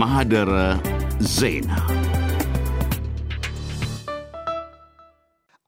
ማህደረ ዜና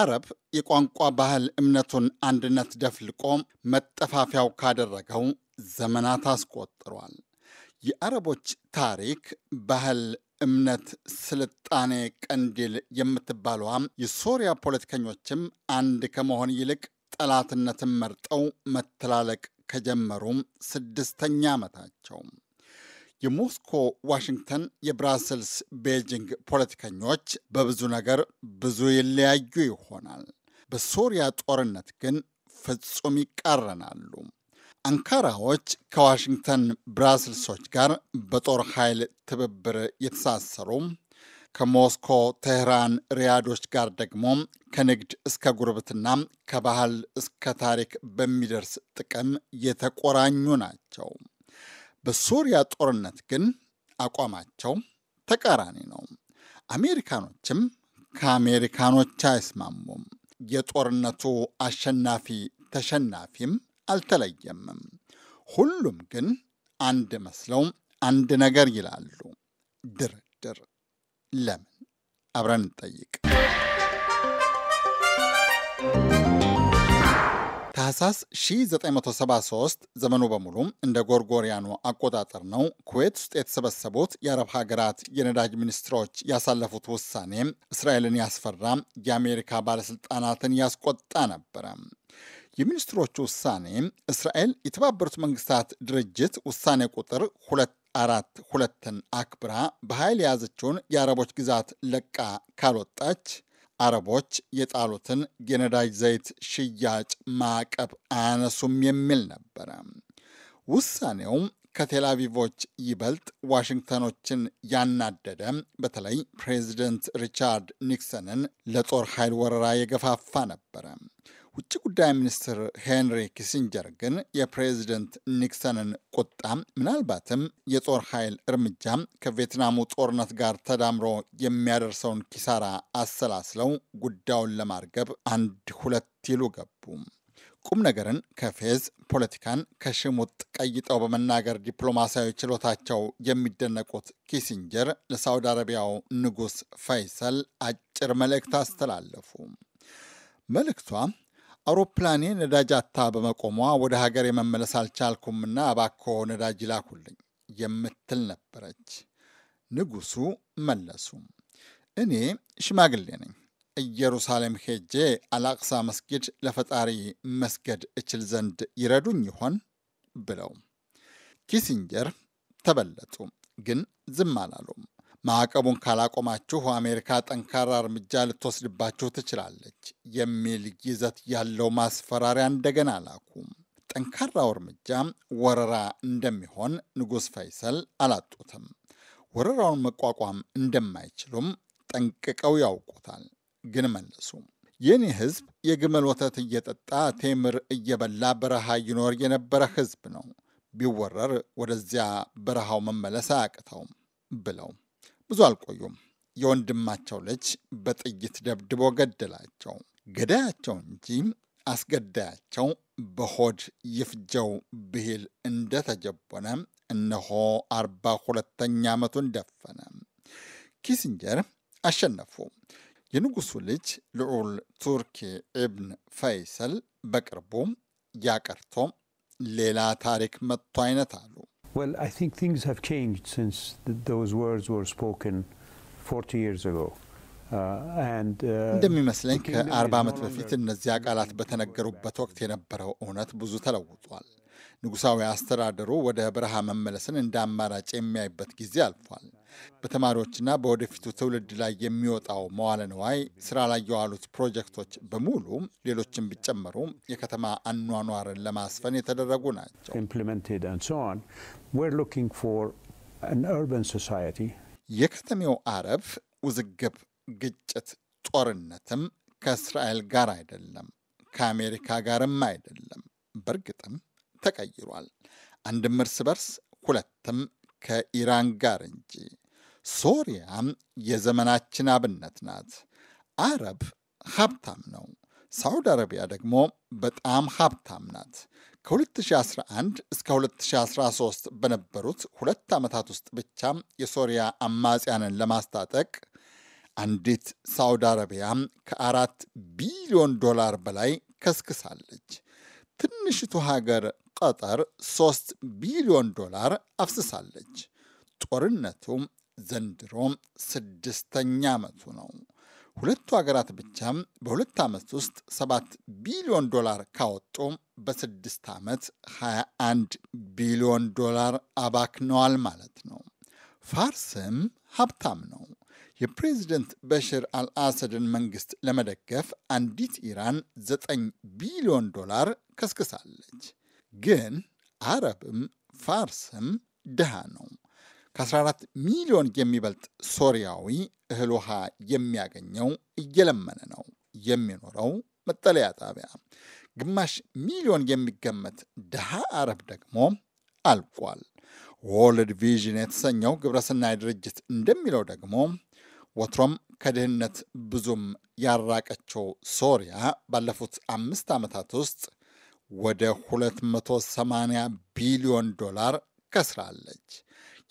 አረብ የቋንቋ ባህል እምነቱን አንድነት ደፍልቆ መጠፋፊያው ካደረገው ዘመናት አስቆጥሯል። የአረቦች ታሪክ፣ ባህል፣ እምነት፣ ስልጣኔ ቀንዲል የምትባለዋ የሶሪያ ፖለቲከኞችም አንድ ከመሆን ይልቅ ጠላትነትን መርጠው መተላለቅ ከጀመሩም ስድስተኛ ዓመታቸው። የሞስኮ፣ ዋሽንግተን፣ የብራስልስ፣ ቤጂንግ ፖለቲከኞች በብዙ ነገር ብዙ ይለያዩ ይሆናል። በሶሪያ ጦርነት ግን ፍጹም ይቃረናሉ። አንካራዎች ከዋሽንግተን ብራስልሶች ጋር በጦር ኃይል ትብብር የተሳሰሩ ከሞስኮ ቴህራን፣ ሪያዶች ጋር ደግሞ ከንግድ እስከ ጉርብትና ከባህል እስከ ታሪክ በሚደርስ ጥቅም የተቆራኙ ናቸው። በሱሪያ ጦርነት ግን አቋማቸው ተቃራኒ ነው። አሜሪካኖችም ከአሜሪካኖች አይስማሙም። የጦርነቱ አሸናፊ ተሸናፊም አልተለየምም። ሁሉም ግን አንድ መስለው አንድ ነገር ይላሉ፣ ድርድር። ለምን? አብረን እንጠይቅ። ታህሳስ 1973 ዘመኑ በሙሉ እንደ ጎርጎሪያኑ አቆጣጠር ነው። ኩዌት ውስጥ የተሰበሰቡት የአረብ ሀገራት የነዳጅ ሚኒስትሮች ያሳለፉት ውሳኔ እስራኤልን ያስፈራ፣ የአሜሪካ ባለስልጣናትን ያስቆጣ ነበረ። የሚኒስትሮቹ ውሳኔ እስራኤል የተባበሩት መንግስታት ድርጅት ውሳኔ ቁጥር ሁለት አራት ሁለትን አክብራ በኃይል የያዘችውን የአረቦች ግዛት ለቃ ካልወጣች አረቦች የጣሉትን የነዳጅ ዘይት ሽያጭ ማዕቀብ አያነሱም የሚል ነበረ። ውሳኔው ከቴላቪቮች ይበልጥ ዋሽንግተኖችን ያናደደ በተለይ ፕሬዚደንት ሪቻርድ ኒክሰንን ለጦር ኃይል ወረራ የገፋፋ ነበረ። ውጭ ጉዳይ ሚኒስትር ሄንሪ ኪሲንጀር ግን የፕሬዚደንት ኒክሰንን ቁጣ ምናልባትም የጦር ኃይል እርምጃ ከቪየትናሙ ጦርነት ጋር ተዳምሮ የሚያደርሰውን ኪሳራ አሰላስለው ጉዳዩን ለማርገብ አንድ ሁለት ይሉ ገቡ። ቁም ነገርን ከፌዝ ፖለቲካን ከሽሙጥ ቀይጠው በመናገር ዲፕሎማሲያዊ ችሎታቸው የሚደነቁት ኪሲንጀር ለሳውዲ አረቢያው ንጉሥ ፈይሰል አጭር መልእክት አስተላለፉ። መልእክቷ አውሮፕላኔ ነዳጅ አታ በመቆሟ ወደ ሀገር የመመለስ አልቻልኩምና እባክዎ ነዳጅ ይላኩልኝ የምትል ነበረች። ንጉሱ መለሱ፣ እኔ ሽማግሌ ነኝ። ኢየሩሳሌም ሄጄ አላቅሳ መስጊድ ለፈጣሪ መስገድ እችል ዘንድ ይረዱኝ ይሆን ብለው ኪሲንጀር ተበለጡ፣ ግን ዝም አላሉም። ማዕቀቡን ካላቆማችሁ አሜሪካ ጠንካራ እርምጃ ልትወስድባችሁ ትችላለች የሚል ይዘት ያለው ማስፈራሪያ እንደገና ላኩም። ጠንካራው እርምጃ ወረራ እንደሚሆን ንጉሥ ፈይሰል አላጡትም። ወረራውን መቋቋም እንደማይችሉም ጠንቅቀው ያውቁታል። ግን መለሱ የኔ ሕዝብ የግመል ወተት እየጠጣ ቴምር እየበላ በረሃ ይኖር የነበረ ሕዝብ ነው ቢወረር ወደዚያ በረሃው መመለስ አያቅተውም ብለው ብዙ አልቆዩም። የወንድማቸው ልጅ በጥይት ደብድቦ ገደላቸው። ገዳያቸው እንጂ አስገዳያቸው በሆድ ይፍጀው ብሂል እንደተጀቦነ እነሆ አርባ ሁለተኛ ዓመቱን ደፈነ። ኪሲንጀር አሸነፉ። የንጉሱ ልጅ ልዑል ቱርኪ ኢብን ፈይሰል በቅርቡ ያቀርቶ ሌላ ታሪክ መጥቶ አይነት አሉ። Well, I think things have changed since th those words were spoken 40 years ago. Uh, uh, እንደሚመስለኝ ከአርባ ዓመት በፊት እነዚያ ቃላት በተነገሩበት ወቅት የነበረው እውነት ብዙ ተለውጧል። ንጉሳዊ አስተዳደሩ ወደ በረሃ መመለስን እንደ አማራጭ የሚያይበት ጊዜ አልፏል። በተማሪዎችና በወደፊቱ ትውልድ ላይ የሚወጣው መዋለ ንዋይ ስራ ላይ የዋሉት ፕሮጀክቶች በሙሉ ሌሎችን ቢጨመሩ የከተማ አኗኗርን ለማስፈን የተደረጉ ናቸው። የከተሜው አረብ ውዝግብ፣ ግጭት፣ ጦርነትም ከእስራኤል ጋር አይደለም፣ ከአሜሪካ ጋርም አይደለም። በእርግጥም ተቀይሯል። አንድም እርስ በርስ ሁለትም ከኢራን ጋር እንጂ። ሶሪያም የዘመናችን አብነት ናት። አረብ ሀብታም ነው። ሳውዲ አረቢያ ደግሞ በጣም ሀብታም ናት። ከ2011 እስከ 2013 በነበሩት ሁለት ዓመታት ውስጥ ብቻ የሶሪያ አማጽያንን ለማስታጠቅ አንዲት ሳውዲ አረቢያ ከአራት ቢሊዮን ዶላር በላይ ከስክሳለች። ትንሽቱ ሀገር ቀጠር 3 ቢሊዮን ዶላር አፍስሳለች። ጦርነቱ ዘንድሮም ስድስተኛ ዓመቱ ነው። ሁለቱ ሀገራት ብቻም በሁለት ዓመት ውስጥ 7 ቢሊዮን ዶላር ካወጡ በስድስት ዓመት 21 ቢሊዮን ዶላር አባክነዋል ማለት ነው። ፋርስም ሀብታም ነው። የፕሬዚደንት በሽር አልአሰድን መንግስት ለመደገፍ አንዲት ኢራን 9 ቢሊዮን ዶላር ከስክሳለች። ግን አረብም ፋርስም ድሃ ነው። ከ14 ሚሊዮን የሚበልጥ ሶሪያዊ እህል ውሃ የሚያገኘው እየለመነ ነው የሚኖረው መጠለያ ጣቢያ። ግማሽ ሚሊዮን የሚገመት ድሃ አረብ ደግሞ አልቋል። ወርልድ ቪዥን የተሰኘው ግብረስናይ ድርጅት እንደሚለው ደግሞ ወትሮም ከድህነት ብዙም ያራቀችው ሶሪያ ባለፉት አምስት ዓመታት ውስጥ ወደ 280 ቢሊዮን ዶላር ከስራለች።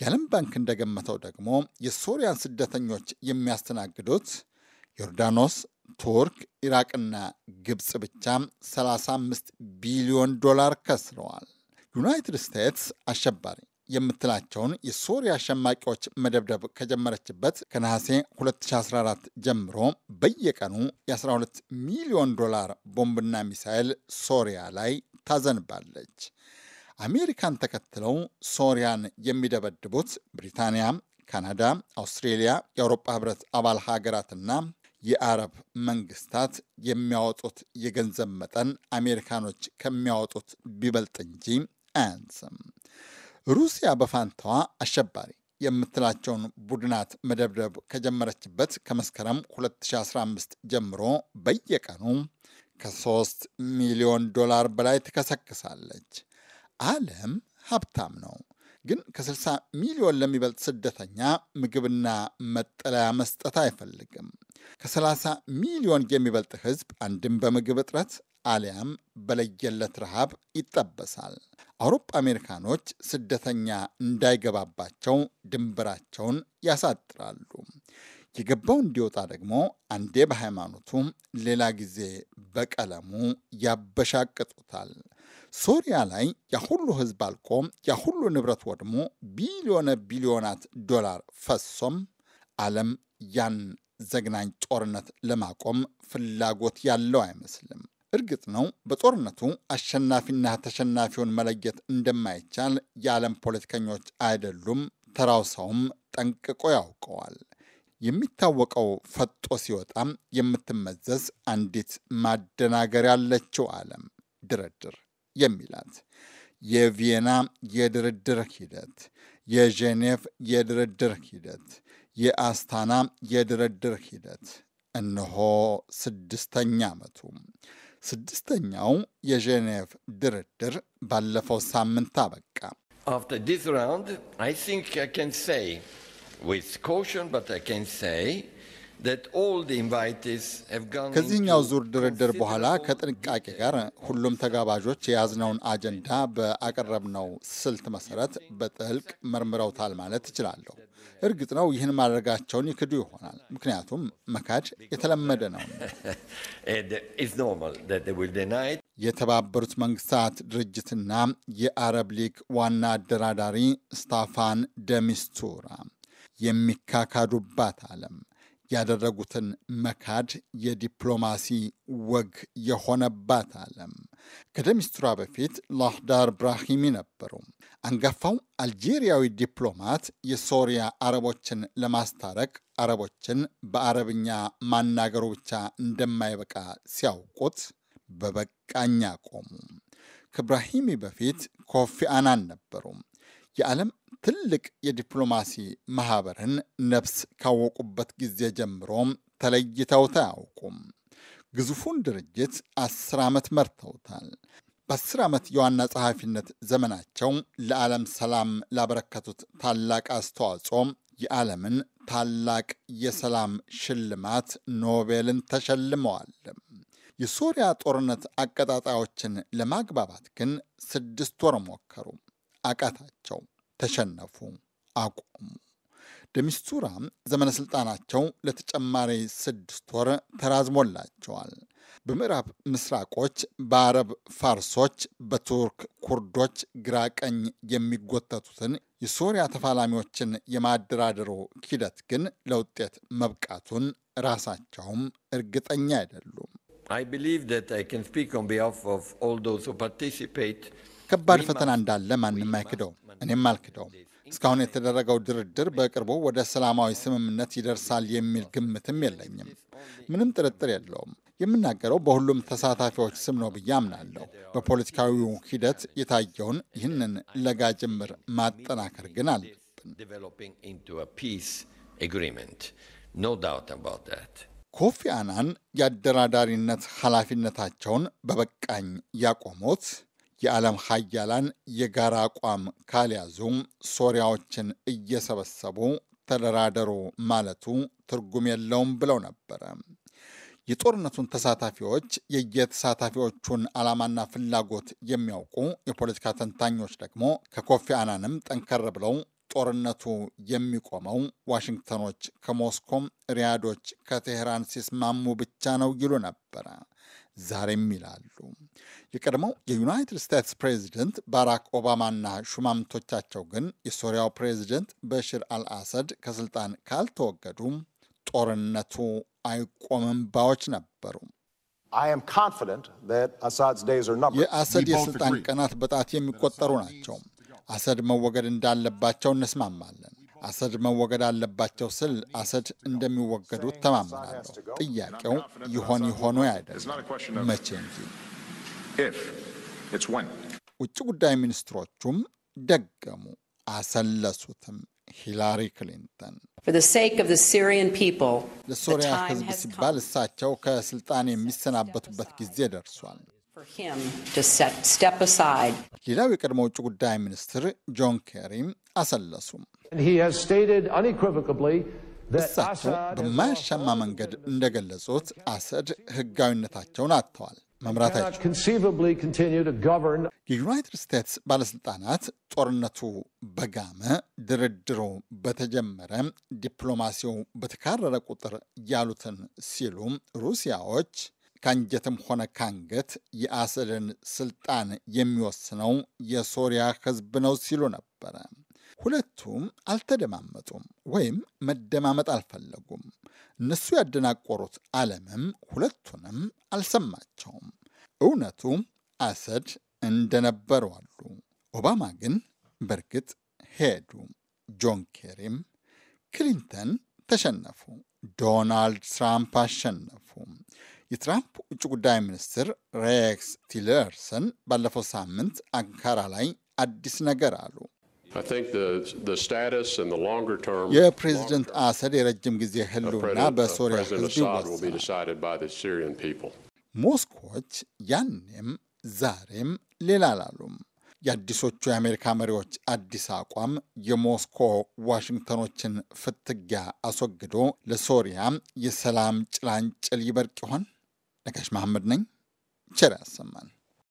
የዓለም ባንክ እንደገመተው ደግሞ የሶሪያን ስደተኞች የሚያስተናግዱት ዮርዳኖስ፣ ቱርክ፣ ኢራቅና ግብፅ ብቻ 35 ቢሊዮን ዶላር ከስረዋል። ዩናይትድ ስቴትስ አሸባሪ የምትላቸውን የሶሪያ አሸማቂዎች መደብደብ ከጀመረችበት ከነሐሴ 2014 ጀምሮ በየቀኑ የ12 ሚሊዮን ዶላር ቦምብና ሚሳኤል ሶሪያ ላይ ታዘንባለች። አሜሪካን ተከትለው ሶሪያን የሚደበድቡት ብሪታንያ፣ ካናዳ፣ አውስትሬሊያ፣ የአውሮፓ ህብረት አባል ሀገራትና የአረብ መንግስታት የሚያወጡት የገንዘብ መጠን አሜሪካኖች ከሚያወጡት ቢበልጥ እንጂ አያንስም። ሩሲያ በፋንታዋ አሸባሪ የምትላቸውን ቡድናት መደብደብ ከጀመረችበት ከመስከረም 2015 ጀምሮ በየቀኑ ከሶስት ሚሊዮን ዶላር በላይ ትከሰክሳለች። ዓለም ሀብታም ነው፣ ግን ከ60 ሚሊዮን ለሚበልጥ ስደተኛ ምግብና መጠለያ መስጠት አይፈልግም። ከ30 ሚሊዮን የሚበልጥ ህዝብ አንድም በምግብ እጥረት አሊያም በለየለት ረሃብ ይጠበሳል። አውሮፓ አሜሪካኖች ስደተኛ እንዳይገባባቸው ድንበራቸውን ያሳጥራሉ። የገባው እንዲወጣ ደግሞ አንዴ በሃይማኖቱ ሌላ ጊዜ በቀለሙ ያበሻቅጡታል። ሶሪያ ላይ ያሁሉ ህዝብ አልቆ ያሁሉ ንብረት ወድሞ ቢሊዮነ ቢሊዮናት ዶላር ፈሶም ዓለም ያን ዘግናኝ ጦርነት ለማቆም ፍላጎት ያለው አይመስልም። እርግጥ ነው በጦርነቱ አሸናፊና ተሸናፊውን መለየት እንደማይቻል የዓለም ፖለቲከኞች አይደሉም ተራው ሰውም ጠንቅቆ ያውቀዋል። የሚታወቀው ፈጦ ሲወጣም የምትመዘዝ አንዲት ማደናገር ያለችው ዓለም ድርድር የሚላት የቪየና የድርድር ሂደት፣ የጄኔቭ የድርድር ሂደት፣ የአስታና የድርድር ሂደት እነሆ ስድስተኛ ዓመቱ። ስድስተኛው የጄኔቭ ድርድር ባለፈው ሳምንት አበቃ። ከዚህኛው ዙር ድርድር በኋላ ከጥንቃቄ ጋር ሁሉም ተጋባዦች የያዝነውን አጀንዳ በአቀረብነው ስልት መሰረት በጥልቅ መርምረውታል ማለት እችላለሁ። እርግጥ ነው ይህን ማድረጋቸውን ይክዱ ይሆናል፣ ምክንያቱም መካድ የተለመደ ነው። የተባበሩት መንግስታት ድርጅትና የአረብ ሊግ ዋና አደራዳሪ ስታፋን ደሚስቱራ የሚካካዱባት ዓለም ያደረጉትን መካድ የዲፕሎማሲ ወግ የሆነባት ዓለም። ከደሚስትሯ በፊት ላህዳር ብራሂሚ ነበሩ። አንጋፋው አልጄሪያዊ ዲፕሎማት የሶሪያ አረቦችን ለማስታረቅ አረቦችን በአረብኛ ማናገሩ ብቻ እንደማይበቃ ሲያውቁት በበቃኛ ቆሙ። ከብራሂሚ በፊት ኮፊ አናን ነበሩ። የዓለም ትልቅ የዲፕሎማሲ ማህበርን ነፍስ ካወቁበት ጊዜ ጀምሮም ተለይተውት አያውቁም። ግዙፉን ድርጅት አስር ዓመት መርተውታል። በአስር ዓመት የዋና ጸሐፊነት ዘመናቸው ለዓለም ሰላም ላበረከቱት ታላቅ አስተዋጽኦ የዓለምን ታላቅ የሰላም ሽልማት ኖቤልን ተሸልመዋል። የሶሪያ ጦርነት አቀጣጣዮችን ለማግባባት ግን ስድስት ወር ሞከሩ። አቃታቸው፣ ተሸነፉ፣ አቆሙ። ደሚስቱራ ዘመነ ስልጣናቸው ለተጨማሪ ስድስት ወር ተራዝሞላቸዋል። በምዕራብ ምስራቆች፣ በአረብ ፋርሶች፣ በቱርክ ኩርዶች ግራ ቀኝ የሚጎተቱትን የሶሪያ ተፋላሚዎችን የማደራደሩ ሂደት ግን ለውጤት መብቃቱን ራሳቸውም እርግጠኛ አይደሉም። ከባድ ፈተና እንዳለ ማንም አይክደውም፣ እኔም አልክደውም። እስካሁን የተደረገው ድርድር በቅርቡ ወደ ሰላማዊ ስምምነት ይደርሳል የሚል ግምትም የለኝም። ምንም ጥርጥር የለውም። የምናገረው በሁሉም ተሳታፊዎች ስም ነው ብዬ አምናለሁ። በፖለቲካዊው ሂደት የታየውን ይህንን ለጋ ጅምር ማጠናከር ግን አለብን። ኮፊ አናን የአደራዳሪነት ኃላፊነታቸውን በበቃኝ ያቆሙት የዓለም ሀያላን የጋራ አቋም ካልያዙ ሶሪያዎችን እየሰበሰቡ ተደራደሩ ማለቱ ትርጉም የለውም ብለው ነበረ። የጦርነቱን ተሳታፊዎች የየተሳታፊዎቹን ዓላማና ፍላጎት የሚያውቁ የፖለቲካ ተንታኞች ደግሞ ከኮፊ አናንም ጠንከር ብለው ጦርነቱ የሚቆመው ዋሽንግተኖች ከሞስኮም ሪያዶች ከቴህራን ሲስማሙ ብቻ ነው ይሉ ነበረ። ዛሬም ይላሉ። የቀድሞው የዩናይትድ ስቴትስ ፕሬዚደንት ባራክ ኦባማና ሹማምቶቻቸው ግን የሶሪያው ፕሬዚደንት በሽር አልአሰድ ከስልጣን ካልተወገዱ ጦርነቱ አይቆምም ባዎች ነበሩ። የአሰድ የስልጣን ቀናት በጣት የሚቆጠሩ ናቸው። አሰድ መወገድ እንዳለባቸው እንስማማለን። አሰድ መወገድ አለባቸው ስል አሰድ እንደሚወገዱ ተማምናለሁ ጥያቄው ይሆን ይሆኑ አይደለም መቼ እንጂ። ውጭ ጉዳይ ሚኒስትሮቹም ደገሙ አሰለሱትም። ሂላሪ ክሊንተን ለሶሪያ ሕዝብ ሲባል እሳቸው ከስልጣን የሚሰናበቱበት ጊዜ ደርሷል። ሌላው የቀድሞ ውጭ ጉዳይ ሚኒስትር ጆን ኬሪም አሰለሱም። እሳቸው በማያሻማ መንገድ እንደገለጹት አሰድ ህጋዊነታቸውን አጥተዋል። መምራታቸው የዩናይትድ ስቴትስ ባለሥልጣናት ጦርነቱ በጋመ፣ ድርድሩ በተጀመረ፣ ዲፕሎማሲው በተካረረ ቁጥር ያሉትን ሲሉ ሩሲያዎች ከአንጀትም ሆነ ከአንገት የአሰድን ስልጣን የሚወስነው የሶሪያ ህዝብ ነው ሲሉ ነበረ። ሁለቱም አልተደማመጡም ወይም መደማመጥ አልፈለጉም። እነሱ ያደናቆሩት ዓለምም ሁለቱንም አልሰማቸውም። እውነቱ አሰድ እንደነበሩ አሉ። ኦባማ ግን በእርግጥ ሄዱ። ጆን ኬሪም፣ ክሊንተን ተሸነፉ። ዶናልድ ትራምፕ አሸነፉ። የትራምፕ ውጭ ጉዳይ ሚኒስትር ሬክስ ቲለርሰን ባለፈው ሳምንት አንካራ ላይ አዲስ ነገር አሉ። የፕሬዝደንት አሰድ የረጅም ጊዜ ህልውና በሶሪያ ህዝብ ሞስኮች ያኔም ዛሬም ሌላ አላሉም። የአዲሶቹ የአሜሪካ መሪዎች አዲስ አቋም የሞስኮ ዋሽንግተኖችን ፍትጊያ አስወግዶ ለሶሪያ የሰላም ጭላንጭል ይበርቅ ይሆን? ነጋሽ መሐመድ ነኝ። ቸር ያሰማን።